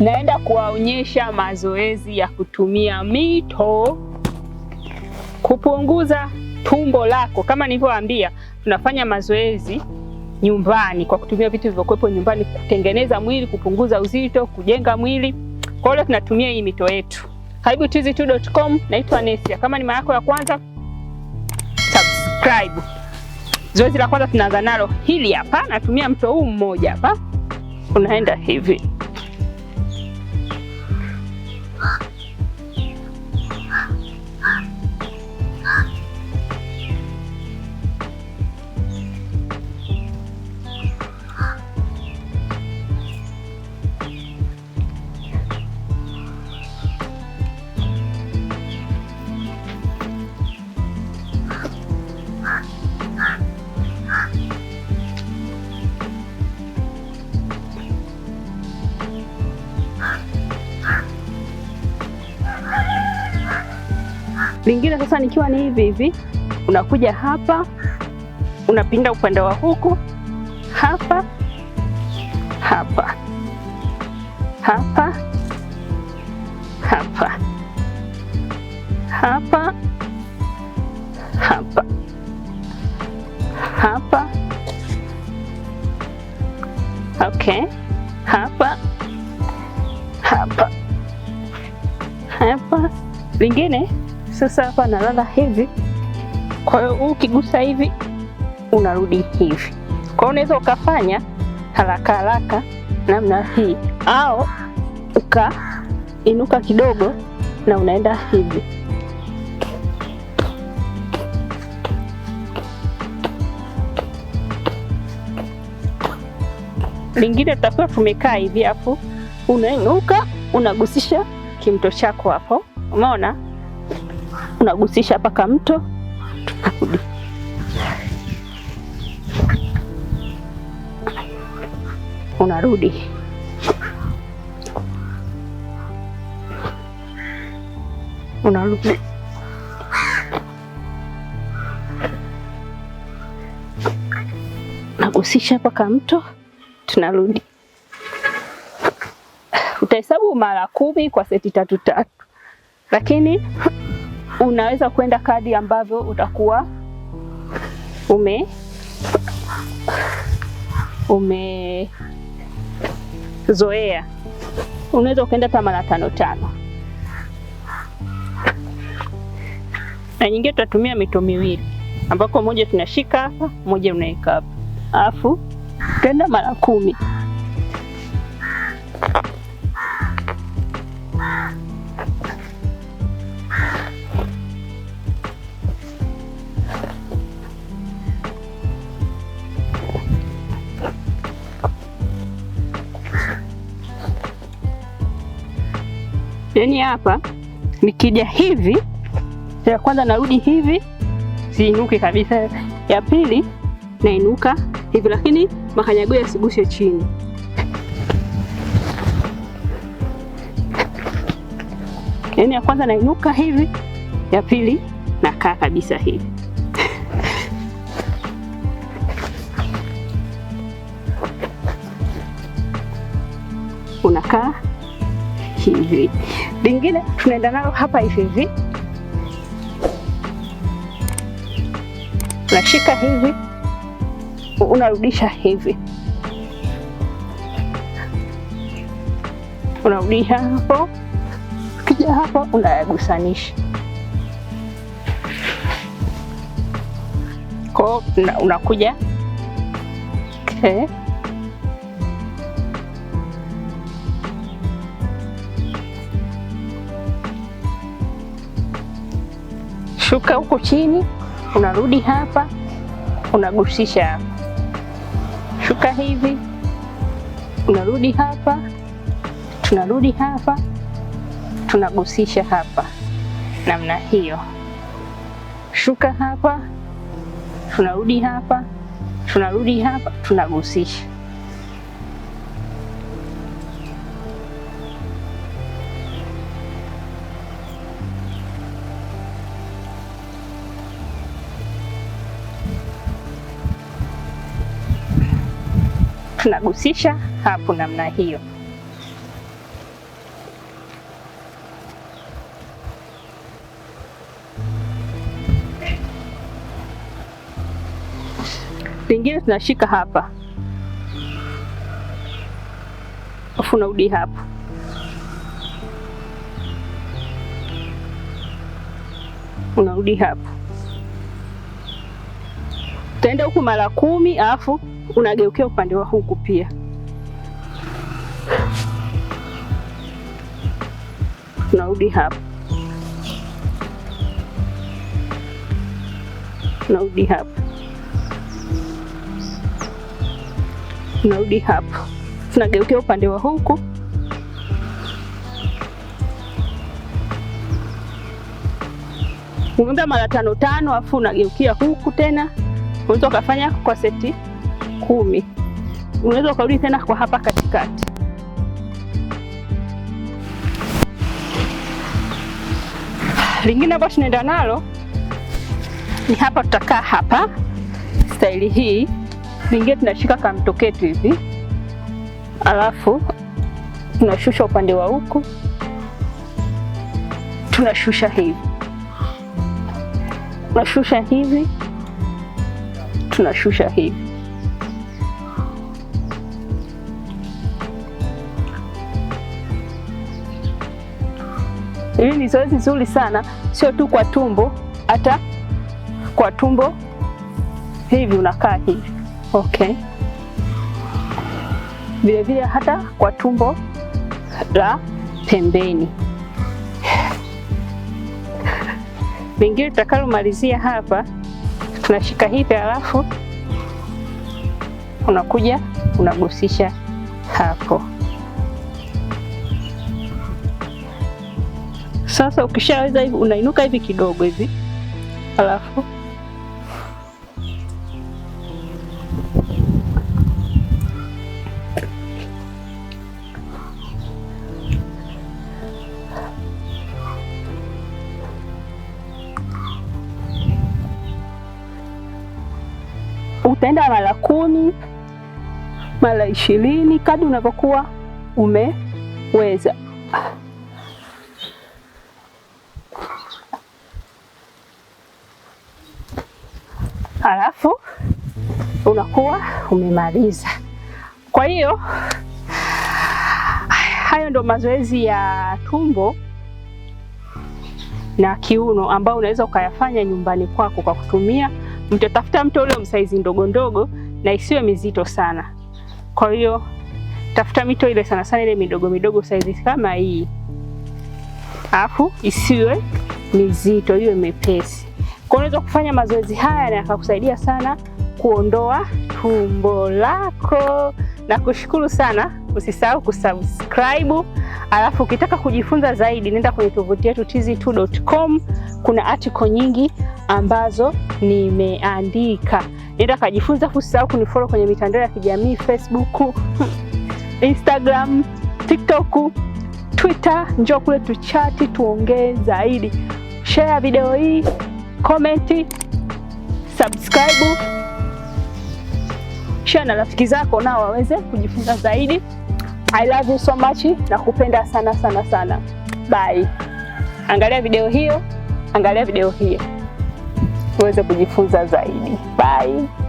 naenda kuwaonyesha mazoezi ya kutumia mito kupunguza tumbo lako. Kama nilivyowaambia, tunafanya mazoezi nyumbani kwa kutumia vitu vilivyokuwepo nyumbani, kutengeneza mwili, kupunguza uzito, kujenga mwili. Kwa hiyo tunatumia hii mito yetu. Karibu tizi2.com, naitwa Nesia. Kama ni mara yako ya kwanza, subscribe. Zoezi la kwanza tunaanza nalo hili hapa, natumia mto huu mmoja hapa, unaenda hivi Lingine sasa nikiwa ni hivi hivi, unakuja hapa unapinda upande wa huku hapa hapa hapa hapa hapa hapa hapa okay, hapa hapa hapa, lingine sasa hapa nalala hivi, kwa hiyo ukigusa hivi unarudi hivi. Kwa hiyo unaweza ukafanya haraka haraka namna hii, au ukainuka kidogo na unaenda hivi. Lingine tutakuwa tumekaa hivi, afu unainuka unagusisha kimto chako hapo, umeona? unagusisha mpaka mto tunarudi. Unarudi unarudi nagusisha mpaka mto tunarudi. Utahesabu mara kumi kwa seti tatu tatu, lakini unaweza kwenda kadi ambavyo utakuwa ume umezoea. Unaweza ukaenda hata mara tano tano, na nyingine tutatumia mito miwili ambako moja tunashika hapa, moja unaweka hapa, alafu tutaenda mara kumi. yani hapa nikija hivi, ya kwanza narudi hivi, siinuke kabisa, ya pili nainuka hivi, lakini makanyago yasiguse chini. Yani ya kwanza nainuka hivi, ya pili nakaa kabisa hivi. Unakaa hivi, lingine tunaenda nalo hapa hivi hivi, unashika hivi, unarudisha hivi, unarudisha hapo, ukija hapo unayagusanisha kwao, unakuja okay. Eh, shuka huko chini, unarudi hapa, unagusisha hapa, shuka hivi, unarudi hapa, tunarudi hapa, tunagusisha hapa, namna hiyo. Shuka hapa, tunarudi hapa, tunarudi hapa, tunagusisha tunagusisha hapo namna hiyo. Lingine tunashika hapa, afu narudi hapo unarudi hapo, utaenda huku mara kumi alafu unageukia upande wa huku pia. Unarudi hapa, narudi hapa, unarudi hapa, tunageukia upande wa huku umeimba mara tano tano, afu unageukia huku tena. Unaweza ukafanya kwa seti kumi, unaweza ukarudi tena kwa hapa katikati. Lingine ambayo tunaenda nalo ni hapa, tutakaa hapa staili hii. Lingine tunashika kamtoketu hivi, alafu tunashusha upande wa huku, tunashusha hivi, tunashusha hivi, tunashusha hivi Hili ni zoezi zuri sana, sio tu kwa tumbo, hata kwa tumbo hivi unakaa hivi okay. Vilevile hata kwa tumbo la pembeni. vingine tutakalomalizia hapa, tunashika hivi, halafu unakuja unagusisha hapo. Sasa ukishaweza hivi, unainuka hivi kidogo hivi, alafu utaenda mara kumi mara ishirini kadri unavyokuwa umeweza. unakuwa umemaliza. Kwa hiyo hayo ndo mazoezi ya tumbo na kiuno ambao unaweza ukayafanya nyumbani kwako kwa kutumia mto. Tafuta mto ule msaizi ndogo ndogo na isiwe mizito sana. Kwa hiyo tafuta mito ile sana sana ile midogo midogo saizi kama hii, alafu isiwe mizito, iwe mepesi. Kwa unaweza kufanya mazoezi haya na yakakusaidia sana kuondoa tumbo lako. Na kushukuru sana, usisahau kusubscribe. Alafu ukitaka kujifunza zaidi, nenda kwenye tovuti yetu tz2.com. Kuna article nyingi ambazo nimeandika, nenda kajifunza. Usisahau kunifollow kwenye mitandao ya kijamii Facebook, Instagram, TikTok, Twitter. Njoo kule tuchati, tuongee zaidi. Share video hii, comment, subscribe share na rafiki zako nao waweze kujifunza zaidi. I love you so much, kupenda sana sana sana. Bye. Angalia video hiyo, angalia video hiyo uweze kujifunza zaidi. Bye.